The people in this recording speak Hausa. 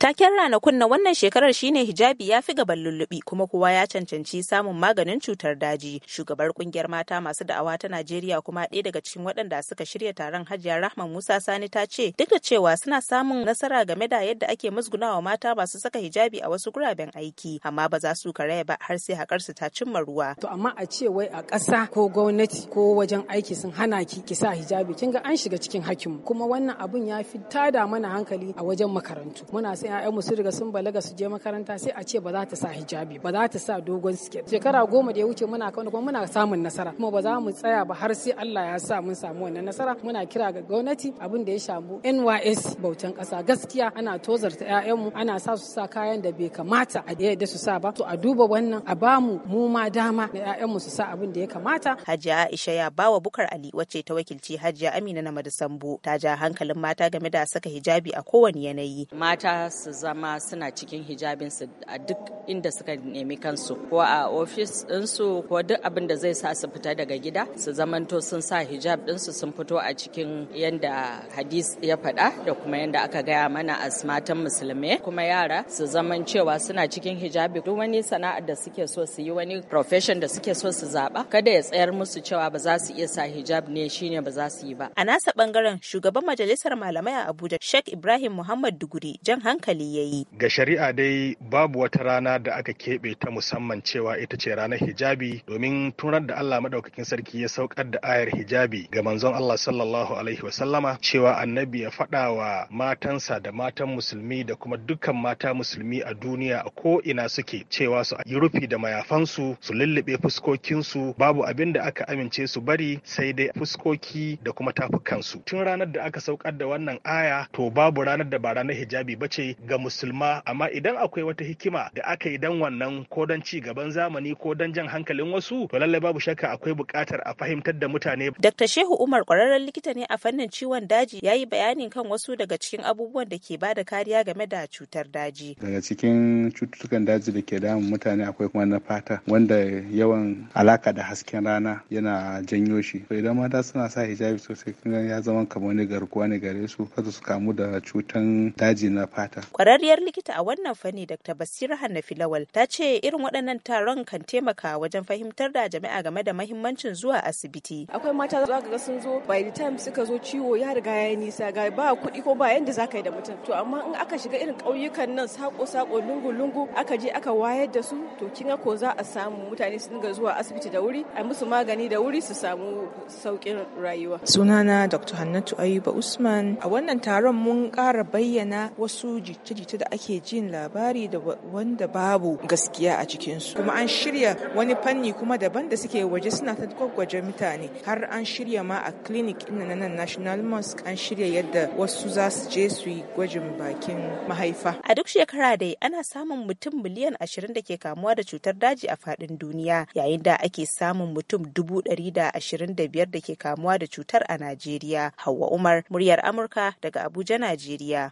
Taken ranakun na wannan shekarar shine hijabi ya fi gaban lullubi kuma kowa ya cancanci samun maganin cutar daji. Shugabar kungiyar mata masu da'awa ta Najeriya kuma ɗaya daga cikin waɗanda suka shirya taron Hajiya Rahma Musa Sani ta ce duk da cewa suna samun nasara game da yadda ake musgunawa mata masu saka hijabi a wasu guraben aiki amma ba za su karaya ba har sai hakar su ta cimma ruwa. To amma a ce wai a ƙasa ko gwamnati ko wajen aiki sun hana ki ki sa hijabi kin ga an shiga cikin hakimu kuma wannan abun ya fi tada mana hankali a wajen makarantu. Muna ya'yanmu ƴaƴanmu su riga sun balaga su je makaranta sai a ce ba za ta sa hijabi ba za ta sa dogon siket shekara goma da ya wuce muna kan kuma muna samun nasara kuma ba za mu tsaya ba har sai Allah ya sa mun samu wannan nasara muna kira ga gwamnati abin da ya shamu NYS bautan ƙasa gaskiya ana tozarta ƴaƴanmu ana sa su sa kayan da bai kamata a yadda su sa ba to a duba wannan a ba mu ma dama na ƴaƴanmu su sa abin da ya kamata Hajiya Aisha ya bawa Bukar Ali wacce ta wakilci Hajiya Amina na Madisambo ta ja hankalin mata game da saka hijabi a kowane yanayi mata su zama suna cikin hijabinsu a duk inda suka nemi kansu ko a ofis ɗinsu ko duk abin da zai sa su fita daga gida su zamanto sun sa hijab ɗinsu sun fito a cikin yadda hadis ya faɗa da kuma yadda aka gaya mana a matan musulmai kuma yara su zaman cewa suna cikin hijabi duk wani sana'ar da suke so su yi wani profession da suke so su zaɓa kada ya tsayar musu cewa ba za su iya sa hijab ne shine ba za su yi ba. A nasa ɓangaren shugaban majalisar malamai a Abuja Sheikh Ibrahim Muhammad Duguri jan hankali hankali ya yi. Ga shari'a dai babu wata rana da aka keɓe ta musamman cewa ita ce ranar hijabi domin tunar da Allah maɗaukakin sarki ya saukar da ayar hijabi ga manzon Allah sallallahu alaihi sallama cewa annabi ya faɗa wa matansa da matan musulmi da kuma dukkan mata musulmi a duniya a ko ina suke cewa su yi rufi da mayafansu su lullube fuskokinsu babu abin da aka amince su bari sai dai fuskoki da kuma tafukansu. Tun ranar da aka saukar da wannan aya to babu ranar da ba ranar hijabi bace ga musulma amma idan akwai wata hikima da aka yi dan wannan ko dan ci gaban zamani ko dan jan hankalin wasu to lallai babu shakka akwai buƙatar a fahimtar da mutane. Dr. Shehu Umar ƙwararren likita ne a fannin ciwon daji ya yi bayanin kan wasu daga cikin abubuwan da ke ba da kariya game da cutar daji. Daga cikin cututtukan daji da ke damun mutane akwai kuma na fata wanda yawan alaka da hasken rana yana janyo shi. To idan mata suna sa hijabi sosai kun ya zama kamar wani garkuwa ne gare su kada su kamu da cutan daji na fata. Kwararriyar likita a wannan fanni Dr. Basira Hannafi Lawal ta ce irin waɗannan taron kan taimaka wajen fahimtar da jami'a game da mahimmancin zuwa asibiti. Akwai mata za ka ga sun zo by the time suka zo ciwo ya riga ya nisa ga ba kuɗi ko ba yanda za ka yi da mutum. To amma in aka shiga irin ƙauyukan nan sako-sako lungu-lungu aka je aka wayar da su to kin ko za a samu mutane su dinga zuwa asibiti da wuri a musu magani da wuri su samu sauƙin rayuwa. Sunana Dr. Hannatu Ayuba Usman a wannan taron mun ƙara bayyana wasu jita-jita da ake jin labari da wanda babu gaskiya a cikinsu kuma an shirya wani fanni kuma daban da suke waje suna ta gwaggwaje mutane har an shirya ma a clinic na nan national mosque an shirya yadda wasu za su je su yi gwajin bakin mahaifa a duk shekara dai ana samun mutum miliyan ashirin da ke kamuwa da cutar daji a fadin duniya yayin da ake samun mutum dubu ɗari da ashirin da biyar da ke kamuwa da cutar a najeriya hawa umar muryar amurka daga abuja najeriya